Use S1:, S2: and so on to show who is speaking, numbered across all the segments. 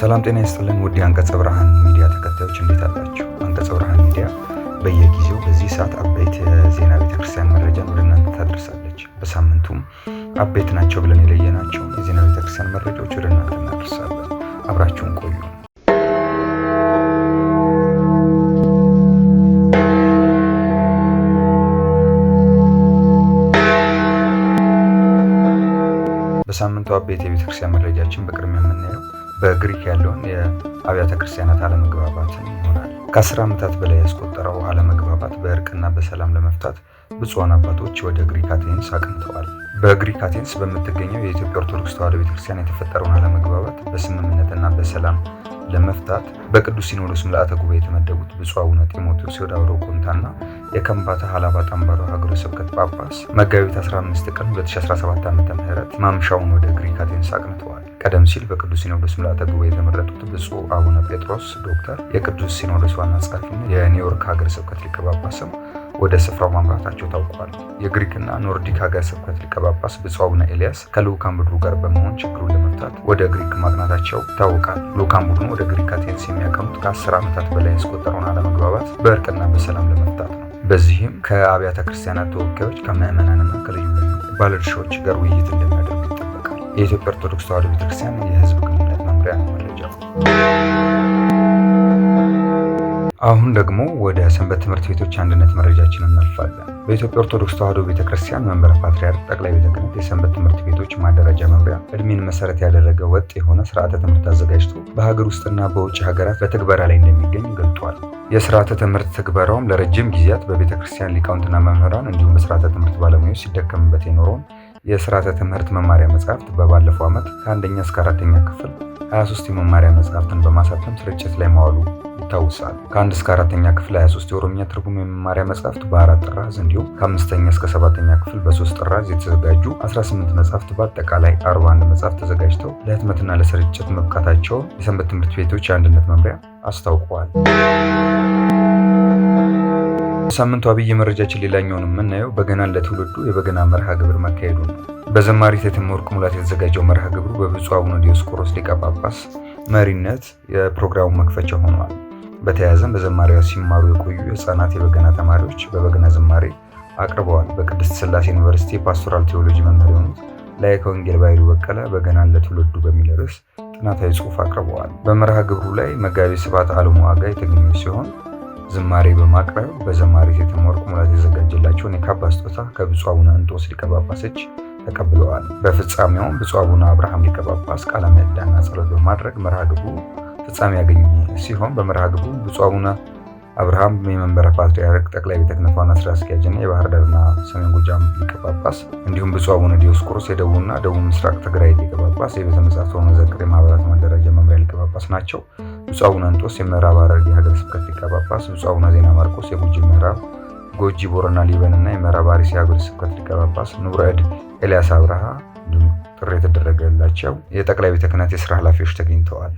S1: ሰላም ጤና ይስጥልን ውድ የአንቀጸ ብርሃን ሚዲያ ተከታዮች እንዴት አላችሁ? አንቀጸ ብርሃን ሚዲያ በየጊዜው በዚህ ሰዓት አበይት የዜና ቤተክርስቲያን መረጃን ወደ እናንተ ታደርሳለች። በሳምንቱም አበይት ናቸው ብለን የለየናቸው የዜና ቤተክርስቲያን መረጃዎች ወደ እናንተ እናደርሳለን። አብራችሁን ቆዩ። በሳምንቱ አበይት የቤተክርስቲያን መረጃችን በቅድሚያ የምናየው በግሪክ ያለውን የአብያተ ክርስቲያናት አለመግባባትን ይሆናል። ከአስር ዓመታት በላይ ያስቆጠረው አለመግባባት በእርቅና በሰላም ለመፍታት ብፁዓን አባቶች ወደ ግሪክ አቴንስ አቅንተዋል። በግሪክ አቴንስ በምትገኘው የኢትዮጵያ ኦርቶዶክስ ተዋሕዶ ቤተክርስቲያን የተፈጠረውን አለመግባባት በስምምነትና በሰላም ለመፍታት በቅዱስ ሲኖዶስ ምልአተ ጉባኤ የተመደቡት ብፁዕ አቡነ ጢሞቴዎስ የወዳውሮ ቁንታና የከምባታ ሀላባ ጠንባሮ ሀገረ ስብከት ጳጳስ መጋቢት 15 ቀን 2017 ዓ ም ማምሻውን ወደ ግሪክ አቴንስ አቅንተዋል። ቀደም ሲል በቅዱስ ሲኖዶስ ምልአተ ጉባኤ የተመረጡት ብፁዕ አቡነ ጴጥሮስ ዶክተር፣ የቅዱስ ሲኖዶስ ዋና ጸሐፊና የኒውዮርክ ሀገረ ስብከት ሊቀ ጳጳስም ወደ ስፍራው ማምራታቸው ታውቋል። የግሪክና ኖርዲክ ሀገረ ስብከት ሊቀ ጳጳስ ብፁዕ አቡነ ኤልያስ ከልዑካን ቡድኑ ጋር በመሆን ችግሩን ለመፍታት ወደ ግሪክ ማቅናታቸው ይታወቃል። ልዑካን ቡድኑ ወደ ግሪክ አቴንስ የሚያቀኑት ከ10 ዓመታት በላይ ያስቆጠረውን አለመግባባት በእርቅና በሰላም ለመፍታት ነው። በዚህም ከአብያተ ክርስቲያናት ተወካዮች፣ ከምዕመናንና ከልዩ ልዩ ባለድርሻዎች ጋር ውይይት እንደሚያደርጉ ይጠበቃል። የኢትዮጵያ ኦርቶዶክስ ተዋሕዶ ቤተክርስቲያን የህዝብ አሁን ደግሞ ወደ ሰንበት ትምህርት ቤቶች አንድነት መረጃችን እናልፋለን። በኢትዮጵያ ኦርቶዶክስ ተዋሕዶ ቤተክርስቲያን መንበረ ፓትርያርክ ጠቅላይ ቤተ ክህነት የሰንበት ትምህርት ቤቶች ማደራጃ መምሪያ እድሜን መሰረት ያደረገ ወጥ የሆነ ስርዓተ ትምህርት አዘጋጅቶ በሀገር ውስጥና በውጭ ሀገራት በትግበራ ላይ እንደሚገኝ ገልጧል። የስርዓተ ትምህርት ትግበራውም ለረጅም ጊዜያት በቤተክርስቲያን ሊቃውንትና መምህራን እንዲሁም በስርዓተ ትምህርት ባለሙያዎች ሲደከምበት የኖረውን የስርዓተ ትምህርት መማሪያ መጽሐፍት በባለፈው ዓመት ከአንደኛ እስከ አራተኛ ክፍል 23 የመማሪያ መጽሐፍትን በማሳተም ስርጭት ላይ ማዋሉ ይታወሳል። ከአንድ እስከ አራተኛ ክፍል 23 የኦሮምኛ ትርጉም የመማሪያ መጽሐፍት በአራት ጥራዝ እንዲሁም ከአምስተኛ እስከ ሰባተኛ ክፍል በሶስት ጥራዝ የተዘጋጁ 18 መጽሐፍት በአጠቃላይ 41 መጽሐፍት ተዘጋጅተው ለህትመትና ለስርጭት መብቃታቸውን የሰንበት ትምህርት ቤቶች የአንድነት መምሪያ አስታውቀዋል። ሳምንቱ አብይ መረጃችን ሌላኛውን የምናየው በገናን ለትውልዱ የበገና መርሃ ግብር መካሄዱ ነው። በዘማሪ እቴጌ ወርቅ ሙላት የተዘጋጀው መርሃ ግብሩ በብፁዕ አቡነ ዲዮስቆሮስ ሊቀ ጳጳስ መሪነት የፕሮግራሙ መክፈቻ ሆኗል። በተያያዘም በዘማሪያ ሲማሩ የቆዩ ህፃናት የበገና ተማሪዎች በበገና ዝማሬ አቅርበዋል። በቅድስት ስላሴ ዩኒቨርሲቲ ፓስቶራል ቴዎሎጂ መምህር የሆኑት ላይከ ወንጌል ባይሉ በቀለ በገናን ለትውልዱ በሚል ርዕስ ጥናታዊ ጽሑፍ አቅርበዋል። በመርሃ ግብሩ ላይ መጋቢ ስብሐት አለሙ ዋጋ የተገኙ ሲሆን ዝማሬ በማቅረብ በዘማሪ የተመርቁ ሙላት የዘጋጀላቸውን የካባ ስጦታ ከብፁዕ አቡነ እንጦስ ሊቀ ጳጳሶች ተቀብለዋል። በፍጻሜውም ብፁዕ አቡነ አብርሃም ሊቀ ጳጳስ ቃለ ምዕዳንና ጸሎት በማድረግ መርሃ ግብሩ ፍጻሜ ያገኘ ሲሆን በመርሃ ግብሩ ብፁዕ አቡነ አብርሃም የመንበረ ፓትርያርክ ጠቅላይ ቤተ ክህነት ዋና ስራ አስኪያጅና የባህር ዳርና ሰሜን ጎጃም ሊቀ ጳጳስ እንዲሁም ብፁዕ አቡነ ዲዮስቆሮስ የደቡብና ደቡብ ምስራቅ ትግራይ ሊቀ ጳጳስ፣ የቤተ መጻሕፍት የማህበራት ማደራጃ መምሪያ ሊቀ ጳጳስ ናቸው። ብፁዕ አቡነ እንጦስ የምዕራብ ሐረርጌ ሀገረ ስብከት ሊቀ ጳጳስ፣ ብፁዕ አቡነ ዜና ማርቆስ የጉጂ ምዕራብ ጎጂ ቦረና ሊበንና የምዕራብ አርሲ ሀገረ ስብከት ሊቀ ጳጳስ፣ ንቡረ እድ ኤልያስ አብርሃ ጥሪ የተደረገላቸው የጠቅላይ ቤተ ክህነት የስራ ኃላፊዎች ተገኝተዋል።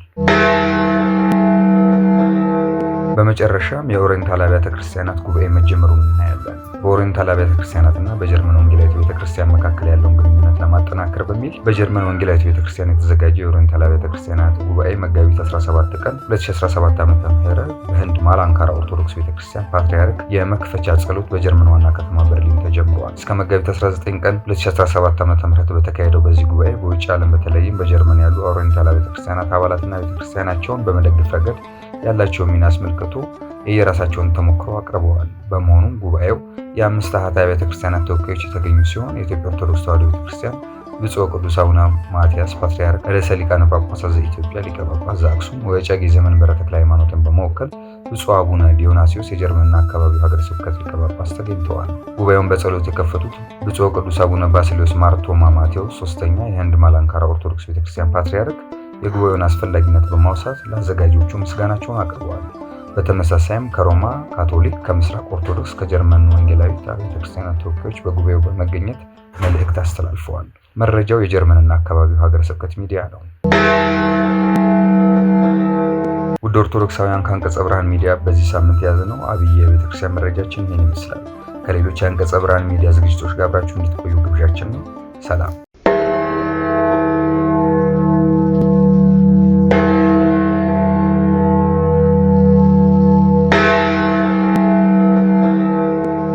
S1: በመጨረሻም የኦሪየንታል አብያተ ክርስቲያናት ጉባኤ መጀመሩን እናያለን። በኦሪየንታል አብያተ ክርስቲያናትና በጀርመን ወንጌላዊት ቤተክርስቲያን መካከል ያለውን ግንኙነት ለማጠናከር በሚል በጀርመን ወንጌላዊት ቤተክርስቲያን የተዘጋጀ የኦሪየንታል አብያተ ክርስቲያናት ጉባኤ መጋቢት 17 ቀን 2017 ዓ ም በህንድ ማላንካራ ኦርቶዶክስ ቤተክርስቲያን ፓትርያርክ የመክፈቻ ጸሎት በጀርመን ዋና ከተማ በርሊን ተጀምረዋል። እስከ መጋቢት 19 ቀን 2017 ዓ ም በተካሄደው በዚህ ጉባኤ በውጭ ዓለም በተለይም በጀርመን ያሉ ኦሪየንታል አብያተ ክርስቲያናት አባላትና ቤተክርስቲያናቸውን በመደግፍ ረገድ ያላቸውን ሚና አስመልክቶ የየራሳቸውን ተሞክሮ አቅርበዋል። በመሆኑም ጉባኤው የአምስት አህታ ቤተክርስቲያናት ተወካዮች የተገኙ ሲሆን የኢትዮጵያ ኦርቶዶክስ ተዋሕዶ ቤተክርስቲያን ክርስቲያን ብፁዕ ወቅዱስ አቡነ ማትያስ ፓትርያርክ ርዕሰ ሊቃነ ጳጳሳት ዘኢትዮጵያ ሊቀ ጳጳስ ዘአክሱም ወዕጨጌ ዘመንበረ ተክለ ሃይማኖትን በመወከል ብፁዕ አቡነ ዲዮናሲዮስ የጀርመንና አካባቢው ሀገረ ስብከት ሊቀ ጳጳስ ተገኝተዋል። ጉባኤውን በጸሎት የከፈቱት ብፁዕ ወቅዱስ አቡነ ባስልዮስ ማርቶማ ማቴዎስ ሶስተኛ የህንድ ማላንካራ ኦርቶዶክስ ቤተክርስቲያን ፓትርያርክ የጉባኤውን አስፈላጊነት በማውሳት ለአዘጋጆቹ ምስጋናቸውን አቅርበዋል። በተመሳሳይም ከሮማ ካቶሊክ፣ ከምስራቅ ኦርቶዶክስ፣ ከጀርመን ወንጌላዊት አብያተ ክርስቲያናት ተወካዮች በጉባኤው በመገኘት መልእክት አስተላልፈዋል። መረጃው የጀርመንና አካባቢው ሀገረ ስብከት ሚዲያ ነው። ውድ ኦርቶዶክሳውያን ከአንቀጸ ብርሃን ሚዲያ በዚህ ሳምንት የያዝነው አብይ የቤተክርስቲያን መረጃችን ይህን ይመስላል። ከሌሎች የአንቀጸ ብርሃን ሚዲያ ዝግጅቶች ጋር አብራችሁ እንድትቆዩ ግብዣችን ነው። ሰላም